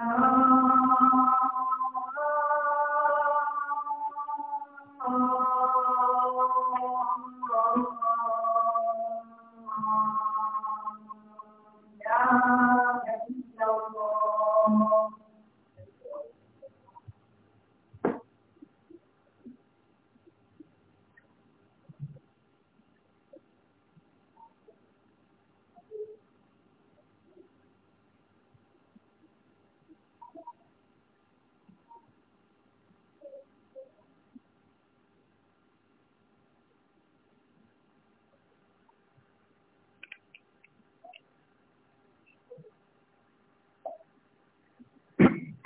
Ah.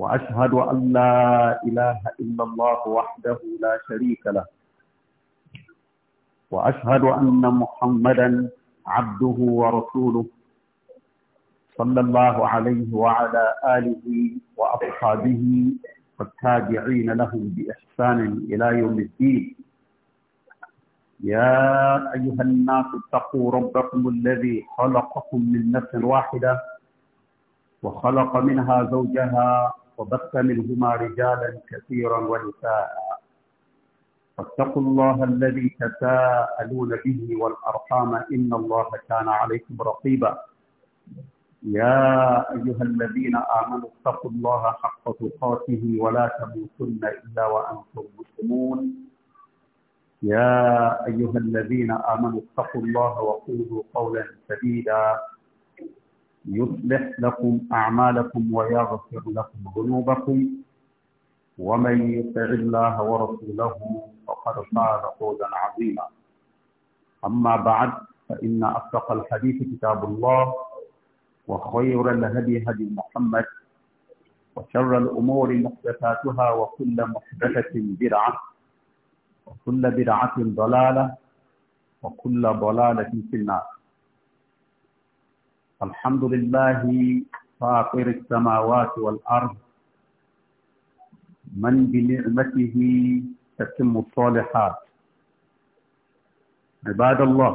وأشهد أن لا إله إلا الله وحده لا شريك له وأشهد أن محمدا عبده ورسوله صلى الله عليه وعلى آله وأصحابه والتابعين لهم بإحسان إلى يوم الدين يا أيها الناس اتقوا ربكم الذي خلقكم من نفس واحدة وخلق منها زوجها وبث منهما رجالا كثيرا ونساء فاتقوا الله الذي تساءلون به والأرحام إن الله كان عليكم رقيبا يا أيها الذين آمنوا اتقوا الله حق تقاته ولا تموتن إلا وأنتم مسلمون يا أيها الذين آمنوا اتقوا الله وقولوا قولا سديدا يصلح لكم أعمالكم ويغفر لكم ذنوبكم ومن يطع الله ورسوله فقد فاز فوزا عظيما أما بعد فإن أصدق الحديث كتاب الله وخير الهدي هدي محمد وشر الأمور محدثاتها وكل محدثة بدعة وكل بدعة ضلالة وكل ضلالة في النار الحمد لله فاطر السماوات والأرض من بنعمته تتم الصالحات عباد الله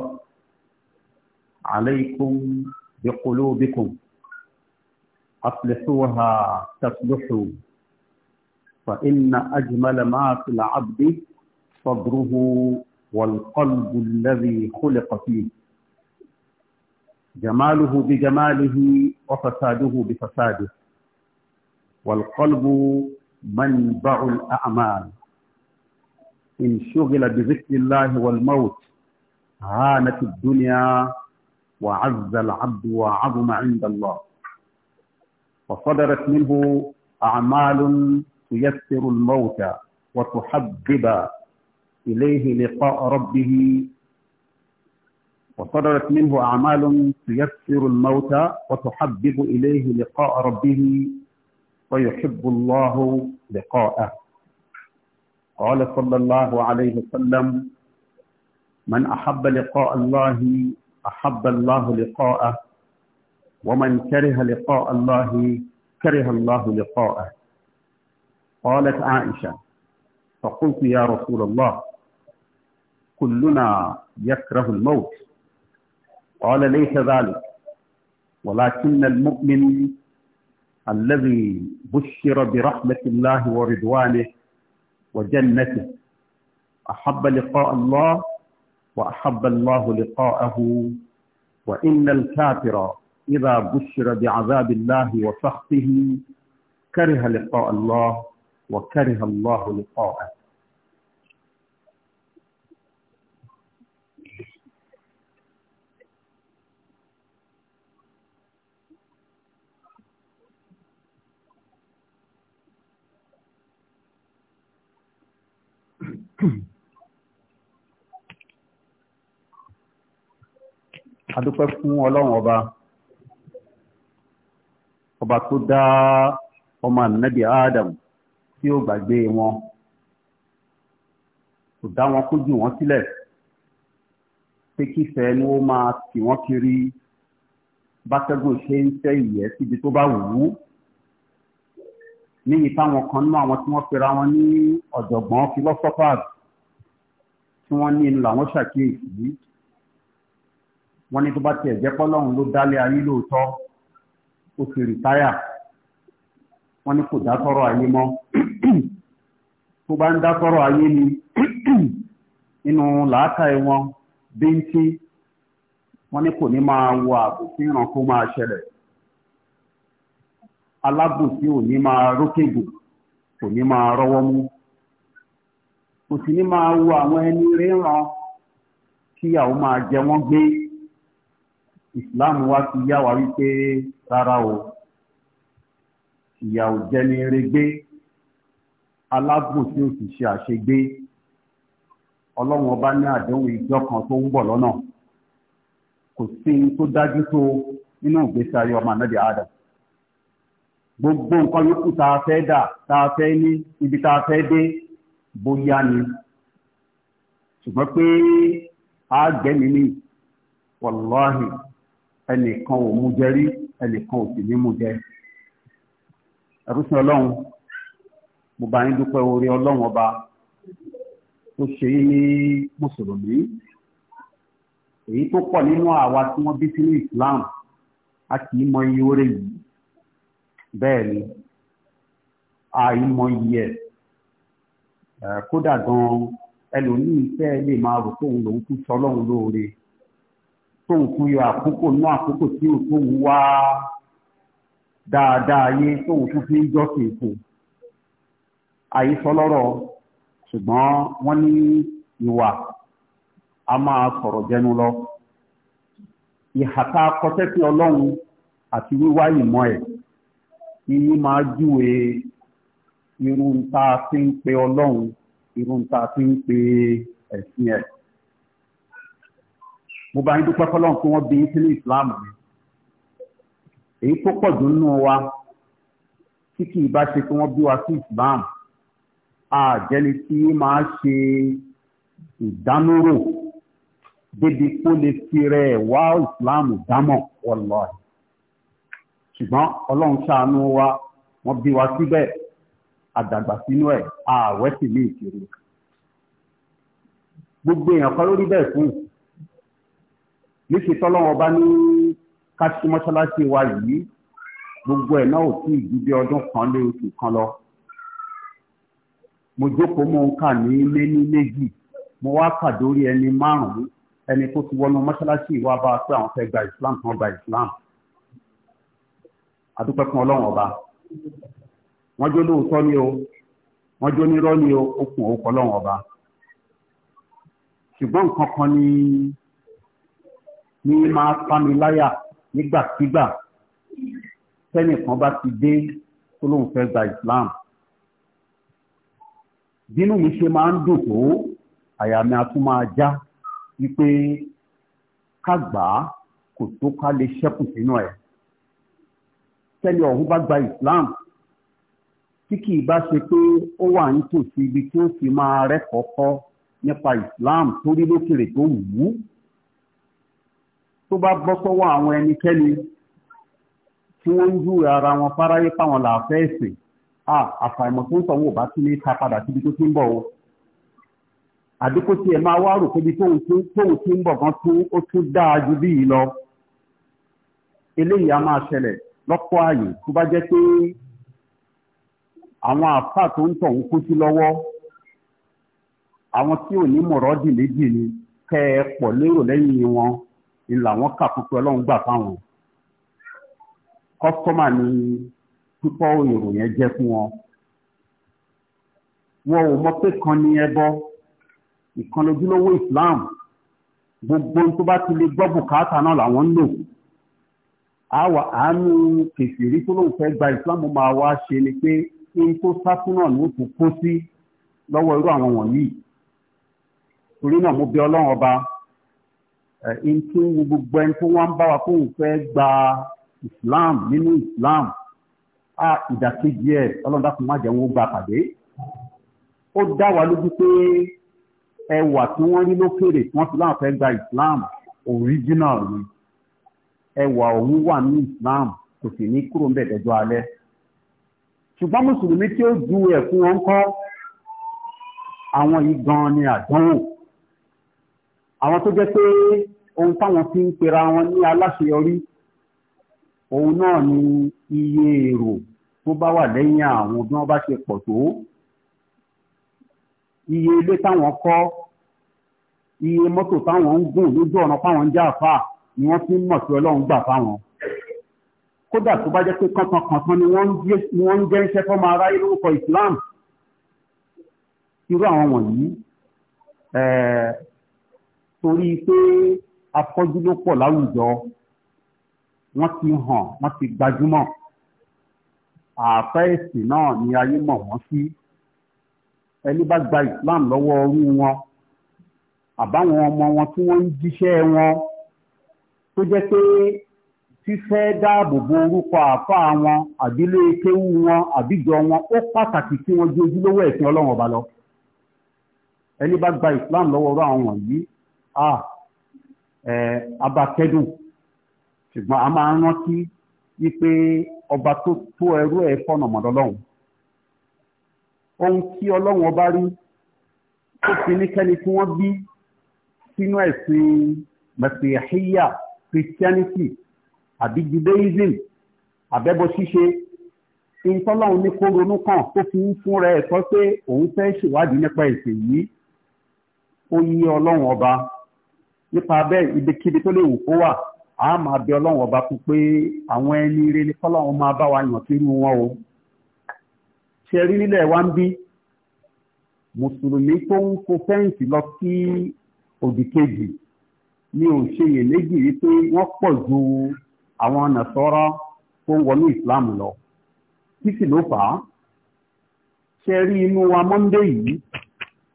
عليكم بقلوبكم أصلحوها تصلحوا فإن أجمل ما في العبد صدره والقلب الذي خلق فيه جماله بجماله وفساده بفساده والقلب منبع الأعمال إن شغل بذكر الله والموت هانت الدنيا وعز العبد وعظم عند الله وصدرت منه أعمال تيسر الموت وتحبب إليه لقاء ربه وصدرت منه أعمال تيسر الموت وتحبب إليه لقاء ربه ويحب الله لقاءه قال صلى الله عليه وسلم من أحب لقاء الله أحب الله لقاءه ومن كره لقاء الله كره الله لقاءه قالت عائشة فقلت يا رسول الله كلنا يكره الموت قال ليس ذلك ولكن المؤمن الذي بشر برحمة الله ورضوانه وجنته أحب لقاء الله وأحب الله لقاءه وإن الكافر إذا بشر بعذاب الله وسخطه كره لقاء الله وكره الله لقاءه adúpẹ́ fún ọlọ́run ọba ọba tó dá ọmọ ànábì Adam tí ó gbàgbé wọn kò dá wọn kójú wọn sílẹ̀ pé kífẹ́ ni ó máa tì wọ́n kiri bátẹ́gùn ṣe ń fẹ́ ìyẹ́ síbi tó bá wù ú níyì táwọn kan nínú àwọn tí wọ́n pera wọn ní ọ̀jọ̀gbọ́n philosophers wọn ní inú làwọn ṣàkíyèsí yìí wọn ní tó bá tiẹ̀ jẹ́ pọ́lọ́run ló dálé ayé lóòótọ́ ó ti rìtáyà wọn ní kò dátọ́rọ̀ ayé mọ́ tó bá ń dátọ́rọ̀ ayé ni inú làákàyè wọn bíntín wọ́n ní kò ní máa wo ààbò tí kó máa ò ní máa rókègbò kò ní máa mú kò ma ní máa wo àwọn ẹni ríran kíyàwó máa jẹ wọn gbé ìsìláàmù wa ti yá wa wípé rárá o ìyàwó jẹni regbé alágùn tí o sì ṣe àṣegbé ọlọ́run ọba ní àdéhùn ìjọ kan tó ń bọ̀ lọ́nà kò sí tó dájú tó nínú ìgbésí ayé ọmọ gbogbo nǹkan yòókù tá a fẹ́ dà ibi tá a bóyá ni ṣùgbọ́n pé àgbẹ̀mí ni wàláhì ẹnìkan ò mú jẹ rí ẹnìkan ò sì ní mú jẹ ẹrúsìn ọlọ́run mo bá yín dúpẹ́ orí ọlọ́run ọba tó ṣe yín ní mùsùlùmí èyí tó pọ̀ nínú àwa tí wọ́n bí sínú Islam a kì í mọ iye oore yìí bẹ́ẹ̀ ni àìmọ iye ẹ̀ kódà gan ẹlòmíì fẹ́ lè máa rò tóun lòun kú sọ lóore tóun kú yọ àkókò náà àkókò tí ò tóun wá dáadáa yé tóun tún fi ń jọ́sìn fún un ṣùgbọ́n wọ́n ní ìwà a máa sọ̀rọ̀ jẹnu lọ ìhàtà kọtẹ́sí ọlọ́run àti wíwá ìmọ̀ ẹ̀ ìyí máa júwe irú ń ta fi ń pe ọlọ́run irú ń ta fi ń pe ẹ̀sìn ẹ̀. mo bá yín dúpẹ́ fọlọ́run tí wọ́n bí yín sínú ìsìláàmù mi èyí tó pọ̀ jù nínú wa tí kì í bá ṣe pé wọ́n bí wa sí ìsìláàmù àjẹni tí máa ṣe ìdánúrò débi kó lè fi rẹ̀ wá ìsìláàmù dámọ̀ wallahi ṣùgbọ́n ọlọ́run ṣàánú wa wọ́n bí wa síbẹ̀. Si àdàgbà sínú ẹ̀ ààwẹ̀ sì ní ìṣòro gbogbo èèyàn kan lórí bẹ́ẹ̀ fún níṣẹ́ tọ́lọ́wọ́ bá ní káṣí mọ́ṣáláṣí wa yìí gbogbo ẹ̀ náà ò tí ì ju bí ọdún kan lé oṣù kan lọ mo jókòó mo ń kà ní méní méjì mo wá kà dórí ẹni márùn-ún ẹni tó ti wọnú mọ́ṣáláṣí ìwà bá pé àwọn fẹ́ gba Islam kan gba Islam adúpẹ́ fún Ọlọ́run ọba wọ́n jó lóòótọ́ ni o wọ́n jó nírọ́ ni o ó kún òkú ọba ṣùgbọ́n nǹkan kan ni ní máa fámi láyà nígbàkigbà tẹ́nìkan bá ti dé tó lóun fẹ́ gba Islam bínú mi ṣe máa ń dùn tó àyà mi a tún máa já wípé ká gbà á kò tó ká lè ṣẹ́kù sínú ẹ̀ tẹ́ni ọ̀hún bá gba Islam tí kì í bá ṣe pé ó wà nítòsí ibi tí ó fi máa rẹ́kọ̀ọ́ kọ́ nípa Islam tó rí lókèrè tó wù ú tó bá bọ́ sọ́wọ́ àwọn ẹnikẹ́ni tí wọ́n ń júwe ara wọn fáráyé fáwọn làáfẹ́ ẹ̀sìn à àfàìmọ̀ tó ń sọ wọn ò bá tún ní ta padà síbi tó ti ń bọ̀ o àdínkù tí máa wá rò pé ibi tóun ti ń bọ̀ gan tún ó tún dáa ju bí yìí lọ eléyìí á máa ṣẹlẹ̀ lọ́pọ̀ ààyè tó bá jẹ́ pé àwọn àfà tó ń tọ̀ ń kú sí lọ́wọ́ àwọn tí ò ní mọ̀rọ́dì méjì ni kẹ́ ẹ pọ̀ lérò lẹ́yìn wọn ni làwọn kà púpọ̀ ọlọ́run gbà fáwọn kọ́sọ́mà ni púpọ̀ èrò yẹn jẹ́ fún wọn wọn ò mọ̀ pé kan ní ẹbọ ìkan lójúlówó Islam gbogbo tó bá ti lè gbọ́ bùkátà náà làwọn ń lò àwa àánú kèfèrí tó lóun fẹ́ gba Islam máa wá ṣe ni pé ní tó sáfún náà ló tún kó sí lọ́wọ́ irú àwọn wọ̀nyí torí náà mo bẹ̀ ọlọ́run ọba ẹ̀yìn tí ń wo gbogbo ẹni tó wọ́n ń bá wa kó òun fẹ́ gba Islam nínú Islam a ìdàkejì ẹ̀ ọlọ́run dákun má jẹun ó gba pàdé ó dá wa lójú pé ẹwà tí wọ́n rí lókèrè tí wọ́n fi láwọn fẹ́ gba Islam original ni ẹwà òun wà ní Islam kò sì ní kúrò ń bẹ̀ alẹ́ ṣùgbọ́n mùsùlùmí tí ó ju ẹ̀ fún wọn kọ́ àwọn yìí gan ni àdánwò àwọn tó jẹ́ pé ohun táwọn fi ń pera wọn ní aláṣeyọrí òun náà ni iye èrò tó bá wà lẹ́yìn àwọn bí wọ́n bá ṣe pọ̀ tó iye ilé táwọn kọ́ iye mọ́tò táwọn ń gùn lójú ọ̀nà fáwọn ń jáfà ni wọ́n fi ń mọ̀ sí ọlọ́run gbà fáwọn kódà tó bá jẹ́ pé kọ́tànkọ̀tàn ni wọ́n ń jẹ́ ń ṣẹ́fọ́ máa ráyé lórúkọ Islam irú àwọn wọ̀nyí torí pé afọ́jú ló pọ̀ láwùjọ wọ́n ti hàn wọ́n ti gbajúmọ̀ ààfẹ́ ẹ̀sìn náà ni ayé mọ̀ wọ́n sí ẹni bá gba Islam lọ́wọ́ orú wọn àbáwọn ọmọ wọn tí wọ́n ń jíṣẹ́ wọn tó jẹ́ pé fífẹ́ dáàbò bo orúkọ àáfàá wọn àdílé kéwú wọn àbíjọ wọn ó pàtàkì kí wọ́n di ojúlówó ẹ̀sìn ọlọ́run ọba lọ ẹni bá gba islam lọ́wọ́ ọ̀rọ̀ àwọn wọ̀nyí abakẹ́dùn ṣùgbọ́n a máa ń rántí wípé ọba tó tó ẹrú ẹ̀ fọ́nà mọ́dọ́ lọ́hùn ohun tí ọlọ́run ọba rí tó fi níkẹ́ni tí wọ́n bí sínú ẹ̀sìn mẹ̀sìlẹ̀híyà christianity àbí judaism àbẹ́bọ ṣíṣe ìtọ́láwọn ní kó ronú kàn tó fi ń fún rẹ ẹ̀tọ́ pé òun fẹ́ ṣèwádìí nípa ẹ̀sìn yìí ó yí ọlọ́run ọba nípa bẹ́ẹ̀ ibikíbi tó lè wù kó wà á máa bẹ ọlọ́run ọba fún pé àwọn ẹni rere ní kọ́láwọn máa bá wa yàn sírú wọn o ṣe rí nílẹ̀ wá ń bí mùsùlùmí tó ń kó fẹ́ǹsì lọ sí òdìkejì ni ò ṣe iyèméjì wípé wọ́n pọ̀ ju àwọn nàṣọ́rá tó ń wọnú ìsìláàmù lọ kí sì ló fà á ṣe rí inú wa mọ́ndé yìí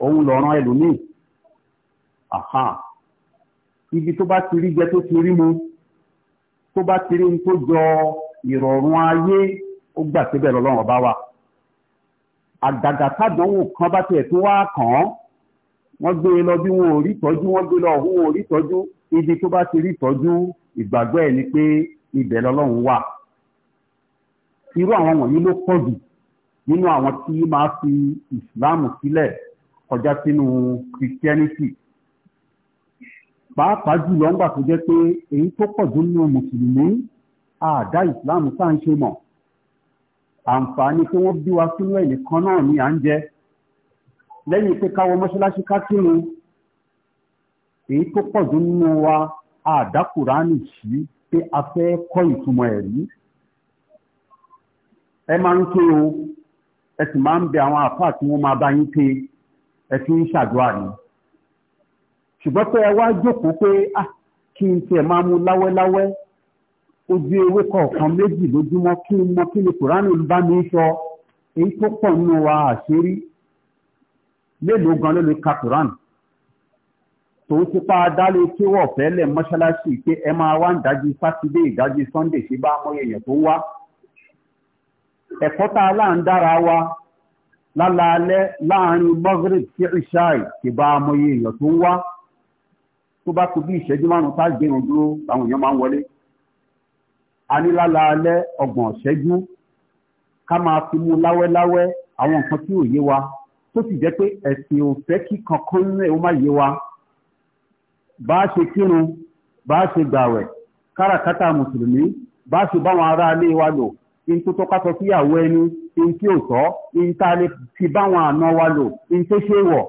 òun lọ́ràn ẹlòmíì àhà ibi tó bá ti rí jẹ tó ti rí mu tó bá ti rí ohun tó jọ ìrọ̀rùn ayé ó gbà síbẹ̀ lọ́lọ́run ọba wa àgàgà sádánwò kan bá tiẹ̀ tó wá kàn án wọ́n gbé e lọ bí wọn ò rí tọ́jú wọ́n gbé e lọ òun ò rí tọ́jú ibi tó bá ti rí tọ́jú ìgbàgbọ́ ẹ̀ ni pé ibẹ̀ lọ́lọ́run wà irú àwọn wọ̀nyí ló pọ̀ jù nínú àwọn tí máa fi ìsìláàmù sílẹ̀ kọjá sínú christianity pàápàá jùlọ ńgbà tó jẹ́ pé èyí tó pọ̀ jù nínú mùsùlùmí àdá ìsìláàmù tá à ń ṣe mọ̀ àǹfààní tí wọ́n bí wa sínú ẹ̀ nìkan náà ni à ń jẹ lẹ́yìn pé káwọ mọ́ṣáláṣí ká kírun èyí tó pọ̀ jù nínú wa àdákùránì sí pé a fẹ́ kọ́ ìtumọ̀ ẹ̀ rí ẹ máa ń ké o ẹ sì máa ń bẹ àwọn àfáà tí wọ́n máa bá yín ké ẹ fi ń ṣàdúrà ni ṣùgbọ́n pé ẹ wá jókòó pé ah kí n tiẹ̀ máa mu láwẹ́láwẹ́ ojú ewé kọ̀ọ̀kan méjì lójúmọ́ kí n mọ kí ni kùránì bá mi sọ èyí tó pọ̀ nínú wa àṣírí lélo gan ló lè ka kùránì tòun ti pa adálé tí wọ́n fẹ́ lẹ̀ mọ́ṣáláṣí pé ẹ máa wá ń dájú sátidé ìdájú sunday ṣe bá mọ́ èèyàn tó wá ẹ̀kọ́ tá a láà ń dára wa lálaalẹ́ láàrin Maghrib sí ìṣáì ṣe bá mọ́ èèyàn tó wá tó bá kú bí ìṣẹ́jú márùn-ún tá a gbé dúró làwọn èèyàn máa ń wọlé a ní lálaalẹ́ ọgbọ̀n ìṣẹ́jú ká máa fi mú láwẹ́láwẹ́ àwọn nǹkan tí ò yé wa tó sì jẹ́ pé ẹ̀sìn ò fẹ́ kí kankan náà ó má yé wa bá ṣe kírun bá ṣe gbàwẹ̀ káràkátà mùsùlùmí bá ṣe báwọn ará ilé wa lò in tó tọ́ka sọ síyàwó ẹni in tí ò tọ́ in tá a lè fi báwọn àna wa lò in tó ṣe wọ̀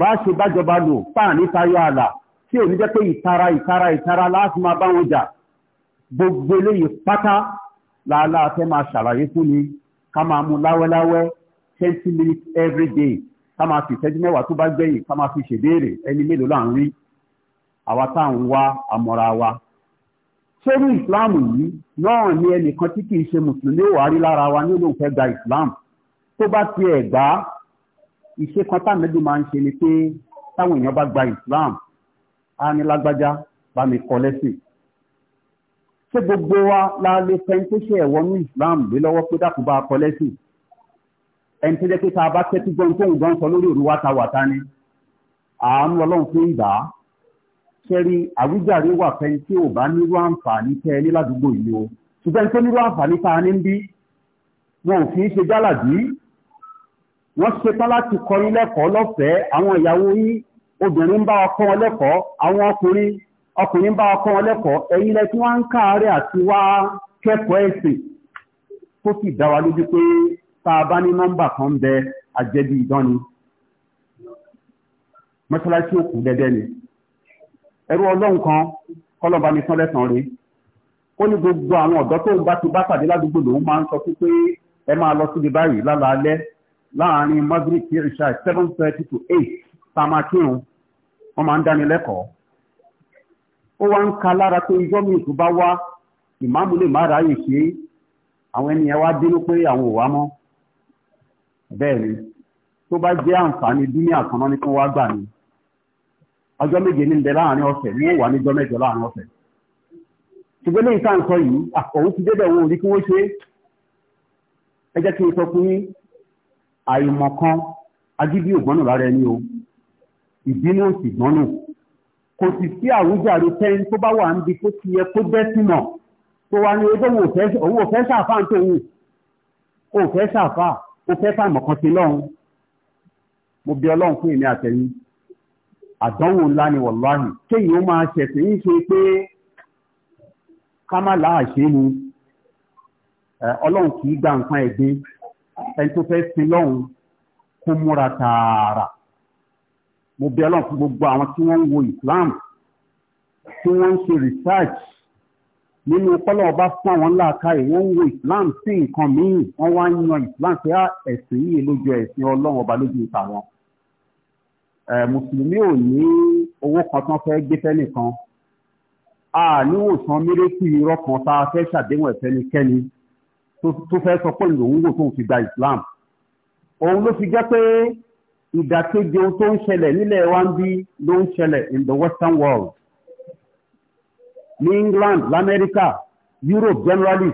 bá ṣe bájọba lò fáàní tayọ àlà tí ò ní jẹ́ pé ìtara ìtara ìtara láti máa báwọn jà gbogbo eléyìí pátá làálà fẹ́ máa ṣàlàyé fún ni ká máa mú láwẹ́láwẹ́ twenty minutes every day ká máa fi ìṣẹ́jú mẹ́wàá tó bá gbẹ̀yìn ká máa fi ṣèbéèrè ẹni mélòó là ń rí àwa tá à ń wá àmọ́ra wa sórí ìsìláàmù yìí náà ni ẹnìkan tí kìí ṣe mùsùlùmí ò wá lára wa ní olóhùn fẹ́ gba ìsìláàmù tó bá tiẹ̀ gbà ìṣe kan táàmẹ́dùn máa ń ṣe ni pé táwọn èèyàn bá gba ìsìláàmù á ní lágbájá bá mi kọ lẹ́sìn ṣé gbogbo wa la lè fẹ́ tó ṣe ẹ̀wọ́ ní ìsìláàmù lé lọ́wọ́ pé dákun bá kọ lẹ́sìn ẹni tó jẹ́ pé tá bá tẹ́tí gbọ́n tóun gan sọ lórí òru wa ta wà ta ni àánú ọlọ́run fún ìgbà á ṣẹ́rí àwíjàre wà fẹ́ni tí ò bá nírú àǹfààní tẹ́ ẹ ní ládùúgbò yìí o ṣùgbọ́n tó nírú àǹfààní tá a ní ń bí wọn ò fi ń ṣe jálàbí wọ́n ṣetán láti kọ́ yín lẹ́kọ̀ọ́ lọ́fẹ̀ẹ́ àwọn ìyàwó yín obìnrin ń bá ọkọ wọn lẹ́kọ̀ọ́ àwọn ọkùnrin ọkùnrin ń bá ọkọ wọn lẹ́kọ̀ọ́ ẹ̀yin lẹ tí wọ́n ń káàárẹ̀ àti wá kẹ́kọ̀ọ́ ẹ̀sìn tó sì dá wa lójú pé tá a bá ní nọ́mbà kan bẹ àjẹbí ìdán ni mọ́ṣáláṣí òkú dẹ́dẹ́ ni ẹrú ọlọ́run kan kọ́lọ́ba ní sọ́lẹ́sàn rí ó ní gbogbo àwọn ọ̀dọ́ tó ń bá ti bá pàdé ládùúgbò lòun máa ń sọ fún pé ẹ máa lọ síbi báyìí lálaalẹ́ láàrin madrid ní ìṣá seven thirty to eight tá a máa kírun wọ́n máa ń dáni lẹ́kọ̀ọ́ ó wá ń ka lára pé ijọ́ mi tó bá wá ìmáàmù lè má ráyè ṣe é àwọn ènìyàn wá bínú pé àwọn ò wá mọ́ bẹ́ẹ̀ ni tó bá jẹ́ àǹfààní dúnìá kan náà ni kí wá gbà ni ọjọ́ méje ní ìbẹ̀ láàrin ọ̀sẹ̀ ní wà níjọ́ mẹ́jọ láàrin ọ̀sẹ̀ ṣùgbọ́n ní ìta nǹkan yìí òun ti débẹ̀ wọn ò rí kí wọ́n ṣe ẹ jẹ́ kí n sọ fún yín àìmọ̀ kan agídí ògbọ́nù lára ẹni o ìbínú sì gbọ́nù kò sì sí àwùjáde tẹ́ni tó bá wà níbi tó ti yẹ kó bẹ́ sínà tó wá ní ọjọ́ òun ò fẹ́ ṣàfà ń tòun ò ṣàfà ó fàmọ̀kan sí lọ́hùn mo bí ọlọ́run fún èmi àtẹ̀yìn àdánwò ńlá ni wọ̀láhì kéyìn ó máa ṣẹ̀sẹ̀ ń ṣe pé ká má láàṣẹ ni ọlọ́run kì í gba nǹkan ẹ̀gbin ẹni tó fẹ́ sin lọ́hùn kó múra tààrà mo bí ọlọ́run fún gbogbo àwọn tí wọ́n ń wo Islam tí wọ́n ń ṣe research nínú kọ́lọ̀ ọba fún àwọn ńlá káyè wọ́n ń wo Islam sí nǹkan míì wọ́n wá ń yan Islam pé ah, ẹ̀sìn yìí lójú ẹ̀sìn ọlọ́run ọba lójú ìta wọn. Eh, mùsùlùmí ò ní owó kan tán fẹ́ gbé fẹ́nìkan a níwòsàn mérékì irọ́ kan tá a fẹ́ ṣàdéhùn ẹ̀fẹ́nikẹ́ni tó fẹ́ sọ pé lòun wò tóun fi gba Islam òun ló fi jẹ́ pé ìdàkejì ohun tó ń ṣẹlẹ̀ nílẹ̀ wa ń bí ló ń ṣẹlẹ̀ in the western world ní England lamẹ́ríkà Europe generally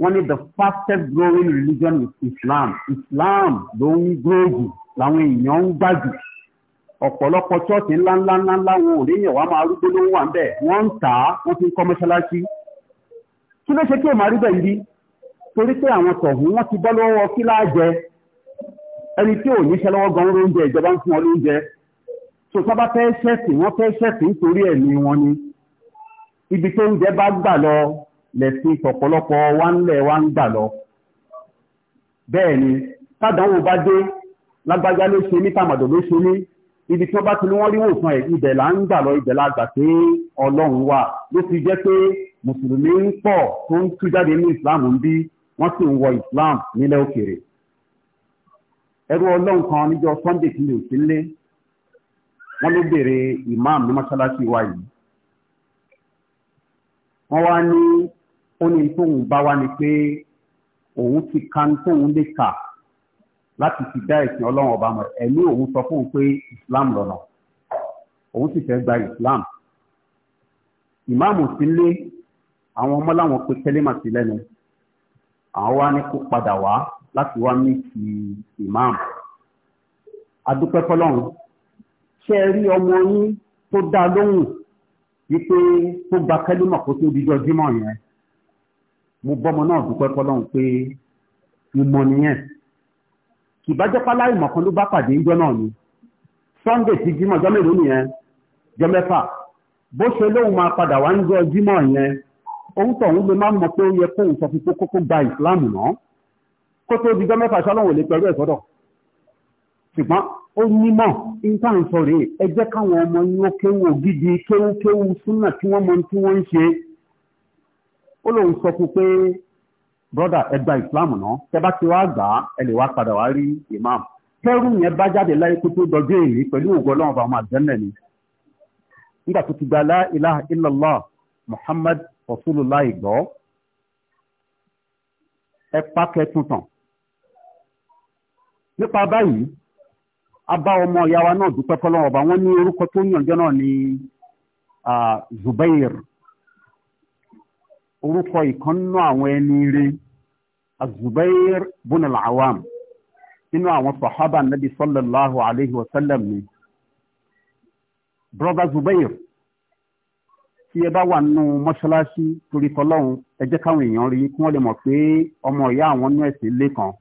wọ́n ní the fastest growing religion is Islam Islam ló ń gbòòjì làwọn èèyàn ń gbàjù ọ̀pọ̀lọpọ̀ ṣọ́ọ̀ṣì ńláńlá ńláńlá wọn ò léyìn wá máa rúgbó ló ń wà ńbẹ̀ wọ́n ń tà á wọ́n ti ń kọ́ mọ́ṣáláṣí kí ló ṣe kí òmà rí bẹ́ẹ̀ yìí torí pé àwọn tọ̀hún wọ́n ti bọ́ lọ́wọ́ kí láàjẹ ẹni tí ò níṣẹ́ lọ́wọ́ gan lóúnjẹ ìjọba ń fún ọ lóúnjẹ tó sábà fẹ́ ṣẹ̀sìn wọ́n fẹ́ ṣẹ̀sìn nítorí ẹ̀mí wọn ni ibi tó ń jẹ bá gbà lọ lẹ̀sìn ọ̀pọ̀lọpọ̀ wa ń lẹ̀ wa ń gbà lọ bẹ́ẹ̀ ni tádàwọ̀ bá dé lágbájá ló ṣe ní tàmàdò ló ṣe ní ibi tí wọ́n bá ti ní wọ́n rí wòsàn ẹ̀ ibẹ̀ là ń gbà lọ ibẹ̀ la gbà pé ọlọ́run wà ló fi jẹ́ pé mùsùlùmí ń pọ̀ tó ń tú jáde ní islam ń bí wọ́n sì ń wọ islam nílẹ̀ òkèèrè ẹrú ọlọ́run kan níjọ́ sunday tí mi ò lé wọ́n ló béèrè imam ní mọ́ṣáláṣí wa yìí wọ́n wá ní ó ní tóun bá wá ni pé òun ti kan tóun lè kà láti fi dá ẹ̀sìn ọlọ́run ọba mọ̀ ẹ̀mí òun sọ fún un pé islam lọ́nà òun sì fẹ́ gba islam ìmáàmù sí lé àwọn ọmọ láwọn pe kẹ́lẹ́mà sí lẹ́nu àwọn wá ní kó padà wá láti wá ní ti ìmáàmù adúpẹ́ fọlọ́run ṣé ẹ rí ọmọ yín tó dá lóhùn wípé tó gba kẹ́lẹ́mà kó tó dijọ́ jímọ̀ yẹn mo bọ́mọ náà dúpẹ́ fọlọ́run pé ìmọ̀ nìyẹn ìbájẹ́pálá ìmọ̀ kan ló bá pàdé ìjọ náà ni sunday ti jímọ̀ jọ mélòó nìyẹn jọ mẹ́fà bó ṣe lóun máa padà wá ń jọ jímọ̀ yẹn òun tọ̀hún ló máa ń mọ pé ó yẹ kóun sọ fún kókó gba ìsìláàmù náà kó tó di jọ mẹ́fà ṣọlọ́wọ̀n lè pẹ̀lú ẹ̀sọ́dọ̀ ṣùgbọ́n ó nímọ̀ intanṣọ rèé ẹ jẹ́ káwọn ọmọ yín ó kéwò gidi kéwú kéwú súnà tí wọ́n mọ broda ẹ gba ìsìláàmù náà tẹ bá ti wá gbà á ẹ lè wá padà wá rí imam kẹrù yẹn bá jáde láyé kó tó dọjú èyí pẹ̀lú ògo ọlọ́run bá ọmọ àjẹ́nà ni nígbà tó ti gba la ilaha illallah muhammad rasulullah ìgbọ́ ẹ pákẹ́ tuntun nípa báyìí a bá ọmọ ìyá wa náà dúpẹ́ fọlọ́wọ́ ọba wọ́n ní orúkọ tó yànjọ́ náà ní ah, zubair orúkọ ìkànnú àwọn ẹni rí azubair bun al-awam nínú àwọn sahaba nabi sallallahu alayhi wa sallam ni brother zubair tí ẹ bá wà nínú mọ́ṣáláṣí torí tọlọ́hun ẹ jẹ́ káwọn èèyàn rí kí wọ́n lè mọ̀ pé ọmọ ìyá àwọn nú ẹ̀sìn ilé kan.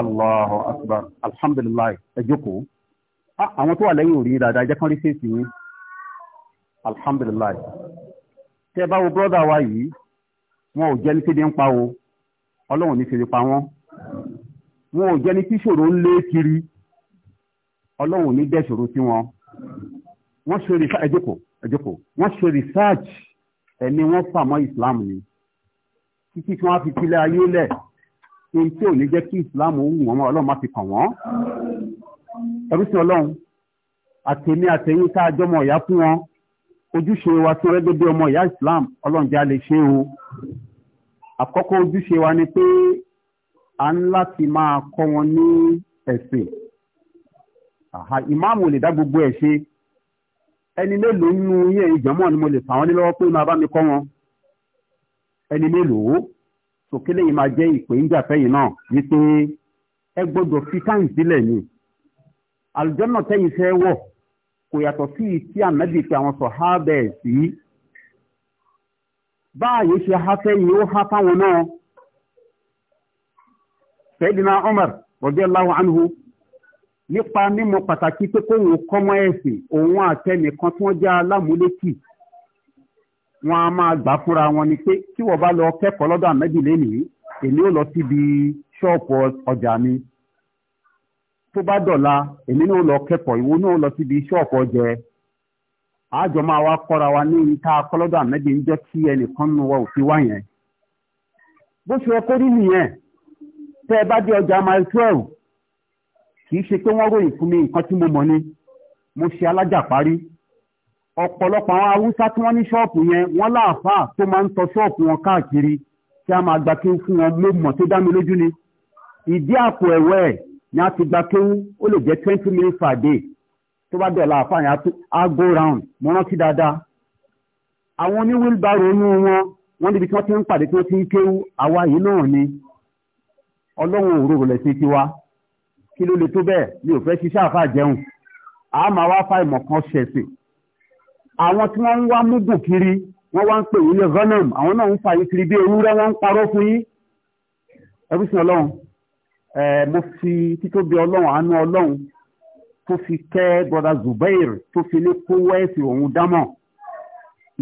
allahu akbar alhamdulilayi ẹ jókòó ah, àwọn tó wà lẹ́yìn òrí dáadáa ẹ jẹ́ rí fèsì yín alhamdulillah tẹ bá wo brọ́dà wa yìí wọn ò jẹ́ ní kéde ń pa o ọlọ́run ní fèrè pa wọ́n wọn ò jẹ́ ní kíṣòro ń lé kiri ọlọ́run ní dẹ́ṣòro sí wọn wọ́n ṣe research ẹ̀jọ̀kọ̀ ẹ̀jọ̀kọ̀ wọ́n ṣe research ẹni wọ́n fà mọ́ islam ni títí tí wọ́n fi tilẹ̀ ayé lẹ̀ ohun tí ò ní jẹ́ kí islam wù wọ́n ọlọ́run má fi kàn wọ́n ẹrú sí ọlọ́run àtẹ̀mí àtẹ̀yìn tá a jọmọ ìyá fún wọn ojúṣe wa tí wọ́n dédé ọmọ ìyá islam ọlọ́njà lè ṣe o àkọ́kọ́ ojúṣe wa ni pé a ń láti máa kọ́ wọn ní ẹ̀sìn ìmáàmù lè dá gbogbo ẹ̀ ṣe ẹni mélòó nínú yín ẹ̀yìn ni mo lè fà wọ́n ní lọ́wọ́ pé máa bá mi kọ́ wọn ẹni mélòó sòkè lẹ́yìn máa jẹ́ ìpè níjà fẹ́yìn náà wípé ẹ gbọ́dọ̀ fi táyì sílẹ̀ ni àlùjọ́ náà tẹ́yìn fẹ́ wọ̀ kò yàtọ̀ sí tí ànábì pé àwọn sọ̀hábẹ̀ sí báyìí ṣe há sẹ́yìn ó há fáwọn náà Sayyidina Omar radiyallahu anhu nípa mímọ pàtàkì pé kóhun kọ́mọ ẹ̀sìn òun àtẹnìkan tí wọ́n alámúlétì wọn a máa gbà fúnra wọn ni pé tí wọ́n bá lọ kẹ́kọ̀ọ́ lọ́dọ̀ èmi ò lọ tó bá dọ̀la èmi náà lọ kẹ́kọ̀ọ́ ìwọ náà lọ síbi iṣẹ́ ọ̀pọ̀ àjọ máa wá kọ́ra wa ní ìta kọ́lọ́dọ̀ àmẹ́bí ń jẹ́ kí ẹnìkan nu wa ò fi wá yẹn bó ṣe ẹ kó rí nìyẹn tẹ́ ẹ bá dé ọjà mile twelve kì í ṣe pé wọ́n ròyìn fún mi nǹkan tí mo mọ̀ ni mo ṣe alájà parí ọ̀pọ̀lọpọ̀ àwọn haúsá tí wọ́n ní ṣọ́ọ̀pù yẹn wọ́n láàfáà tó máa ń tọ ṣọ́ọ̀pù wọn káàkiri tí a máa gbà kí n fún wọn ló tó dá mi lójú ni ìdí àpò ẹ̀wẹ́ ẹ̀ ni a ti gba kéwú ó lè jẹ́ twenty minutes per day tó bá dọ̀la àfààní á go round mo rántí dáadáa àwọn oní wheelbarrow inú wọn wọ́n níbi tí wọ́n ti ń pàdé tí wọ́n ti ń kéwú àwa yìí náà ni ọlọ́run òru rò lẹ́sìn tiwa kí ló le tó bẹ́ẹ̀ mi ò fẹ́ ṣiṣẹ́ àfà jẹun a máa wá fa ìmọ̀ kan ṣẹ̀sìn àwọn tí wọ́n ń wá múgùn kiri wọ́n wá ń pè yín ní venom àwọn náà ń fa yín bí ewúrẹ́ wọ́n ń parọ́ fún yín ẹbí mo fi títóbi ọlọ́run àánú ọlọ́run tó fi kẹ́ broda Zubair tó fi ní kó wẹ́ẹ̀sì òun dámọ̀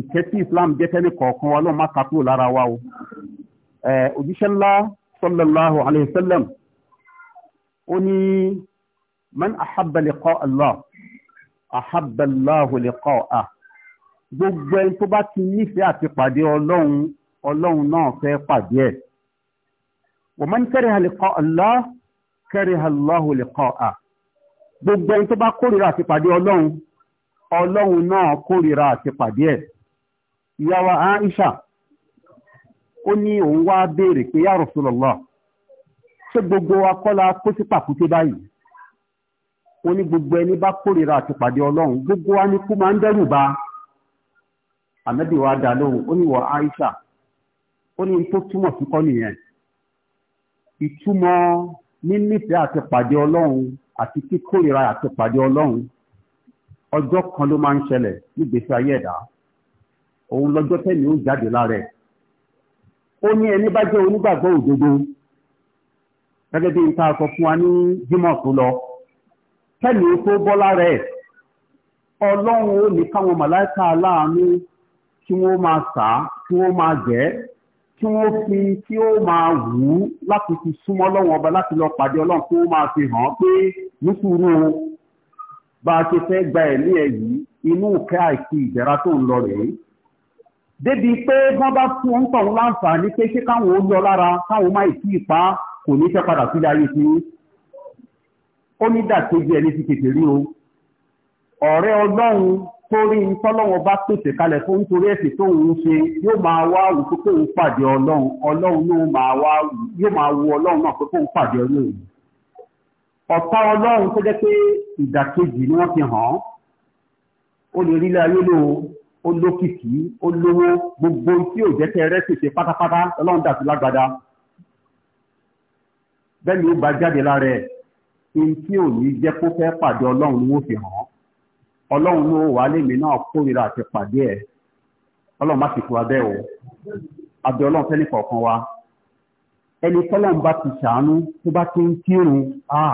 ìkẹ́ tí Islam jẹ́ tẹ́lẹ̀ kọ̀ọ̀kan wa ọlọ́run má ta kúrò lára wa o òjíṣẹ́ ńlá sallallahu alayhi wa sallam ó ní man ahabba liqa Allah ahabba Allahu liqa'ah gbogbo ẹni tó bá ti nífẹ̀ẹ́ àti pàdé ọlọ́run ọlọ́run náà fẹ́ pàdé ẹ̀. wa man kariha liqa Allah kariha Allahu liqa'ah gbogbo ẹni tó bá kórìíra àti pàdé ọlọ́run ọlọ́run náà kórìíra àti pàdé ẹ̀ ìyá Aisha ó ní òun wá béèrè pé ya Rasulullah ṣé gbogbo akọ́lá kó sí pàkúté báyìí ó ní gbogbo ẹni bá kórìíra àti pàdé ọlọ́run gbogbo wa ní kú máa ń dẹ́rù ba ànábì wa dá lóhùn ó ní wọ Aisha ó ní tó túmọ̀ sí kọ́ nìyẹn ìtumọ̀ nínífẹ̀ẹ́ àti pàdé ọlọ́run àti kíkórìíra àti pàdé ọlọ́run ọjọ́ kan ló máa ń ṣẹlẹ̀ nígbèsí ayé ẹ̀dá òun lọ́jọ́ tẹ̀mí ó jáde lára ẹ̀ ó ní ẹni bá jẹ́ onígbàgbọ́ òdodo gẹ́gẹ́ fún wa ní lọ tẹ̀mí tó bọ́ lára ẹ̀ ọlọ́run ó ní káwọn màláìka aláàánú kí wọ́n tí wọ́n fi tí ó máa wù ú láti fi súnmọ́ lọ́wọ́n ọba láti lọ pàdé ọlọ́run tí ó máa fi hàn pé nísùúrù bá a ṣe fẹ́ gba ẹ̀mí ẹ̀ yìí inú ìkẹ́ àìsí ìdẹ̀ra tó ń lọ rèé débi pé wọ́n bá fún un tọ̀hún láǹfààní pé ṣé káwọn ó lọ lára káwọn máa ìtì ìpa kò ní fẹ́ padà sílé ayé sí ó ní dàkejì ẹni ti tètè rí o ọ̀rẹ́ ọlọ́run torí tọ́lọ́wọ́ bá pèsè kalẹ̀ fún nítorí ẹ̀sìn tó ń ṣe yóò máa wá wù pé kóun pàdé ọlọ́run ọlọ́run ló máa wá yóò máa wu ọlọ́run náà pé kóun pàdé ọlọ́run ọ̀tá ọlọ́run tó jẹ́ pé ìdàkejì ni wọ́n fi hàn án ó lè rí láyé lò ó lókìkí ó lówó gbogbo tí ò jẹ́ kẹrẹ́ ṣèṣe pátápátá ọlọ́run dàtú lágbada bẹ́ẹ̀ ni ó bá jáde lára ẹ̀ ní ọlọ́run ló wà lèmi náà kórìíra àti pàdé ẹ̀ ọlọ́run má sì fi wá bẹ́ẹ̀ o àbí ọlọ́run fẹ́ni kọ̀ọ̀kan wa ẹni tọ́lọ́run bá ti ṣàánú tó bá ti ń kírun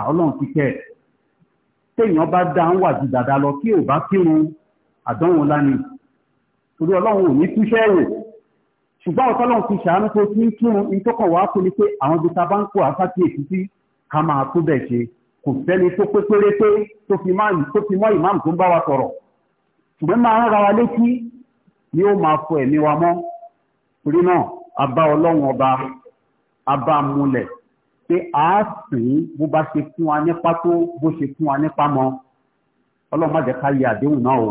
ọlọ́run ti kẹ́ ẹ̀ téèyàn bá dá ń wà ju dàda lọ kí ò bá kírun àdánwò ńlá ni torí ọlọ́run ò ní túṣẹ́ rò ṣùgbọ́n ọ̀tọ́ lọ́run ti ṣàánú tó ti ń kírun ní tó kàn wá kó ni pé àwọn ibi ta bá ń kó àṣà kí èsì ká máa tó bẹ̀ ṣe kò sẹ́ni tó pé tó fi mọ́ ìmáàmù tó bá wa sọ̀rọ̀ ṣùgbọ́n máa ń ra wa létí ni ó máa fọ ẹ̀mí wa mọ́ torí náà a ọlọ́run ọba a múlẹ̀ pé a sìn bó bá ṣe fún wa nípa tó bó ṣe fún wa nípa mọ́ ọlọ́run má jẹ́ ká yẹ àdéhùn náà o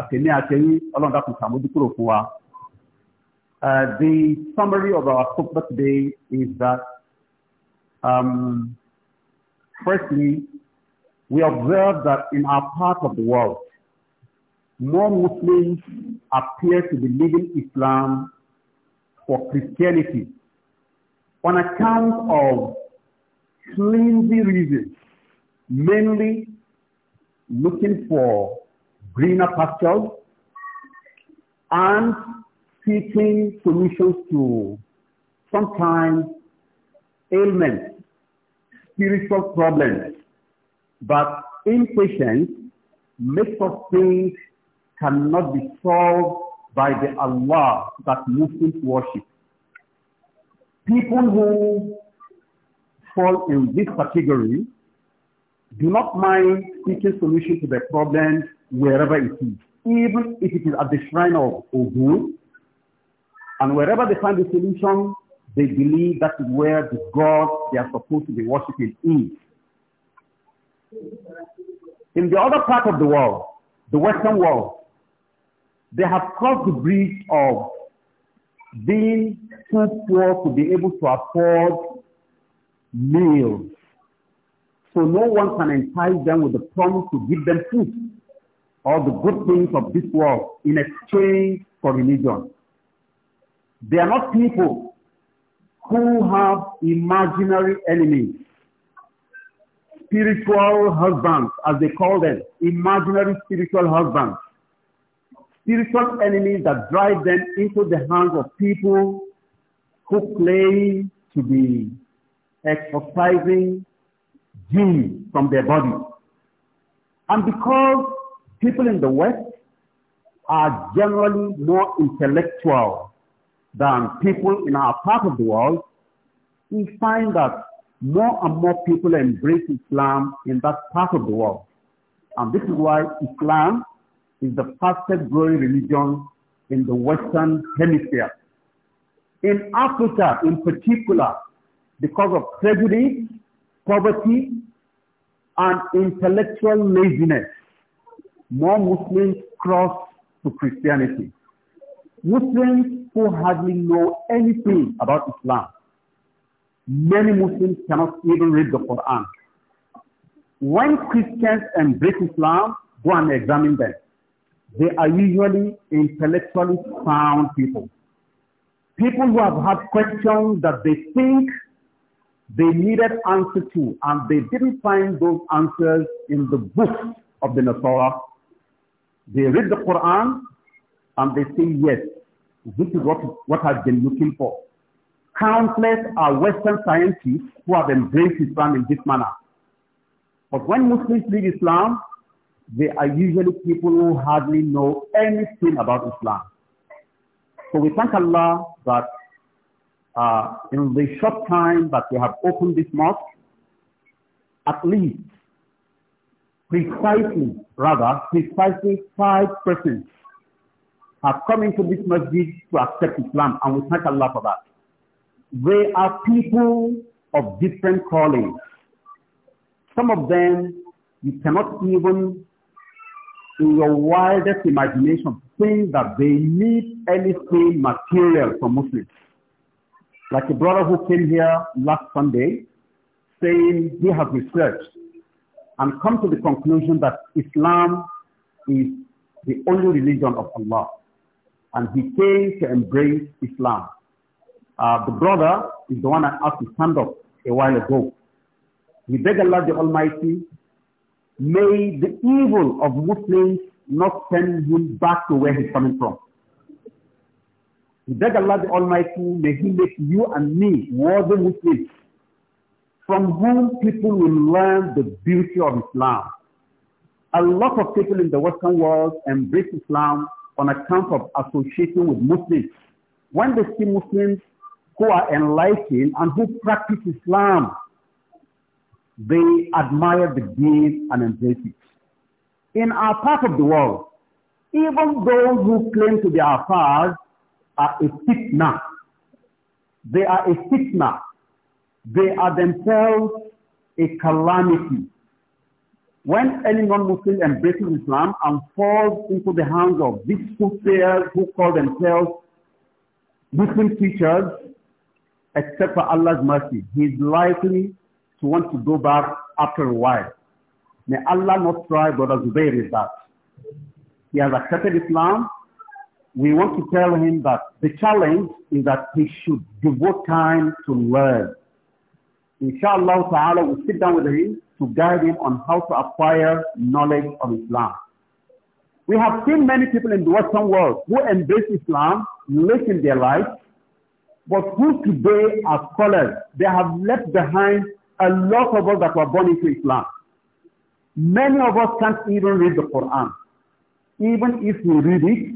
àtẹ̀mí àtẹ̀yìn ọlọ́run dákun ṣàmójúkúrò fún wa. Uh, the summary of our khutbah today is that um, Firstly, we observe that in our part of the world, more Muslims appear to be leaving Islam for Christianity on account of flimsy reasons, mainly looking for greener pastures and seeking solutions to sometimes ailments spiritual problems, but impatience makes us think cannot be solved by the Allah that Muslims worship. People who fall in this category do not mind seeking solution to their problems wherever it is, even if it is at the shrine of Ogun. And wherever they find the solution, They believe that is where the God they are supposed to be worshiping is. In the other part of the world, the Western world, they have crossed the bridge of being too poor to be able to afford meals. So no one can entice them with the promise to give them food or the good things of this world in exchange for religion. They are not people who have imaginary enemies, spiritual husbands, as they call them, imaginary spiritual husbands, spiritual enemies that drive them into the hands of people who claim to be exorcising genes from their bodies. And because people in the West are generally more intellectual than people in our part of the world, we find that more and more people embrace Islam in that part of the world. And this is why Islam is the fastest growing religion in the Western Hemisphere. In Africa, in particular, because of prejudice, poverty, and intellectual laziness, more Muslims cross to Christianity. Muslims who hardly know anything about Islam. Many Muslims cannot even read the Quran. When Christians embrace Islam, go and examine them. They are usually intellectually sound people. People who have had questions that they think they needed answers to, and they didn't find those answers in the books of the Nasara. They read the Quran, and they say, yes, this is what, what I've been looking for. Countless are Western scientists who have embraced Islam in this manner. But when Muslims leave Islam, they are usually people who hardly know anything about Islam. So we thank Allah that uh, in the short time that we have opened this mosque, at least precisely, rather, precisely five persons have come into this masjid to accept Islam, and we thank Allah for that. They are people of different callings. Some of them you cannot even, in your wildest imagination, think that they need anything material from Muslims. Like a brother who came here last Sunday, saying he has researched and come to the conclusion that Islam is the only religion of Allah and he came to embrace Islam. Uh, the brother is the one I asked to stand up a while ago. We beg Allah the Almighty, may the evil of Muslims not send him back to where he's coming from. We beg Allah the Almighty, may He make you and me worthy Muslims from whom people will learn the beauty of Islam. A lot of people in the Western world embrace Islam on account of associating with Muslims. When they see Muslims who are enlightened and who practice Islam, they admire the deed and embrace it. In our part of the world, even those who claim to be our fathers are a fitna. They are a fitna. They are themselves a calamity when any non-Muslim embraces Islam and falls into the hands of these soothsayers who call themselves Muslim teachers, except for Allah's mercy, he is likely to want to go back after a while. May Allah not try Brother Zubair with that. He has accepted Islam. We want to tell him that the challenge is that he should devote time to learn. Inshallah ta'ala, we will sit down with him to guide him on how to acquire knowledge of Islam. We have seen many people in the Western world who embrace Islam late in their life, but who today are scholars. They have left behind a lot of us that were born into Islam. Many of us can't even read the Quran. Even if we read it,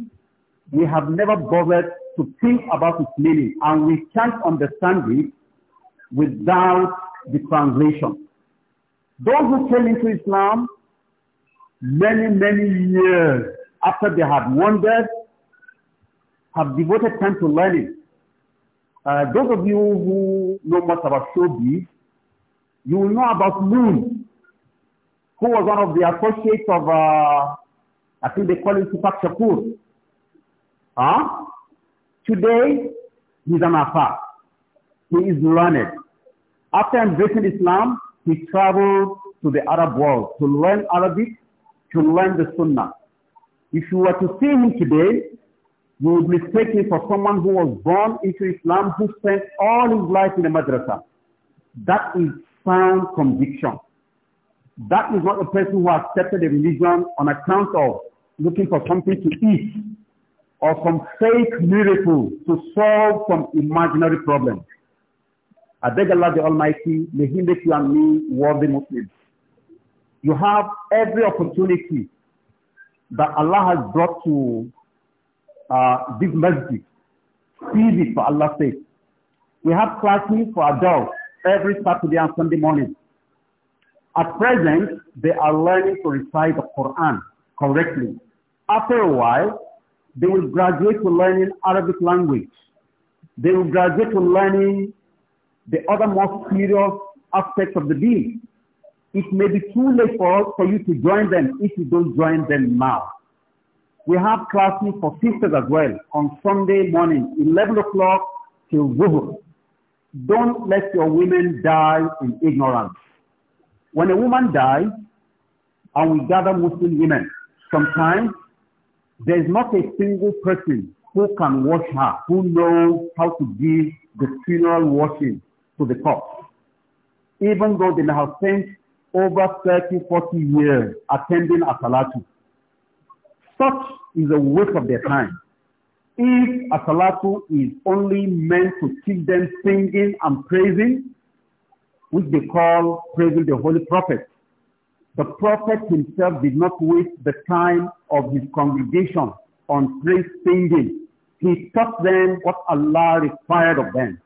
we have never bothered to think about its meaning, and we can't understand it without the translation. Those who came into Islam many, many years after they had wandered have devoted time to learning. Uh, those of you who know much about showbiz, you will know about Moon, who was one of the associates of, uh, I think they call him Tupac Shakur. Huh? Today, he's an Afar. He is learned. After embracing Islam, he traveled to the Arab world to learn Arabic, to learn the Sunnah. If you were to see him today, you would mistake him for someone who was born into Islam, who spent all his life in a madrasa. That is sound conviction. That is not a person who accepted a religion on account of looking for something to eat or some fake miracle to solve some imaginary problem. I beg Allah the Almighty, may He make you and me worthy Muslims. You have every opportunity that Allah has brought to uh, this masjid. Seize it for Allah's sake. We have classes for adults every Saturday and Sunday morning. At present, they are learning to recite the Quran correctly. After a while, they will graduate to learning Arabic language. They will graduate to learning the other most serious aspects of the deal. It may be too late for for you to join them if you don't join them now. We have classes for sisters as well on Sunday morning, 11 o'clock till Zuhur. Don't let your women die in ignorance. When a woman dies, and we gather Muslim women, sometimes there is not a single person who can wash her, who knows how to give the funeral washing to the cause, even though they may have spent over 30, 40 years attending Asalatu, Salatu. Such is a waste of their time. If Asalatu Salatu is only meant to keep them singing and praising, which they call praising the Holy Prophet, the Prophet himself did not waste the time of his congregation on praise singing. He taught them what Allah required of them.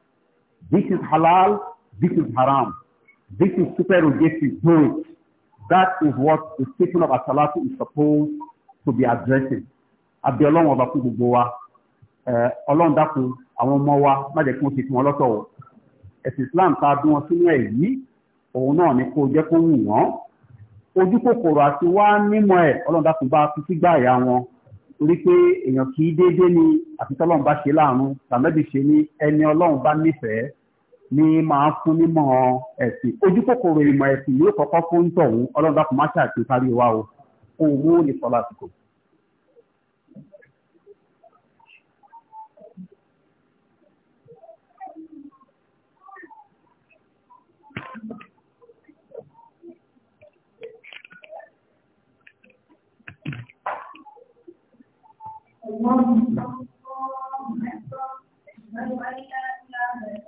This is halal, this is haram. This is supererogatory, do it. That is what the statement of Asalatu is supposed to be addressing. Àbí ọlọ́run ọba fún gbogbo wa. Ọlọ́run dákun àwọn ọmọ wa má jẹ́ kí wọ́n ti fún wọn lọ́tọ̀ Ẹ̀sìn Islam ta dún wọn sínú ẹ̀ Òun náà ni kó jẹ́ kó wù wọ́n. Ojú kòkòrò àti wá nímọ̀ ẹ̀ ọlọ́run dákun bá fi sígbà ìyá wọn. Torí pé èèyàn kì í déédéé ni àfi tọ́lọ́run bá ṣe láàánú. Tàmẹ́bì ṣe ni ẹni ọlọ́run bá nífẹ̀ẹ́ ni máa fún nímọ̀ ẹ̀sìn ojú kòkòrò ìmọ̀ ẹ̀sìn ní kọ́kọ́ fún tọ̀hún ọlọ́run dákun má ṣàṣe parí wa o owó ní sọlá àsìkò. Thank you.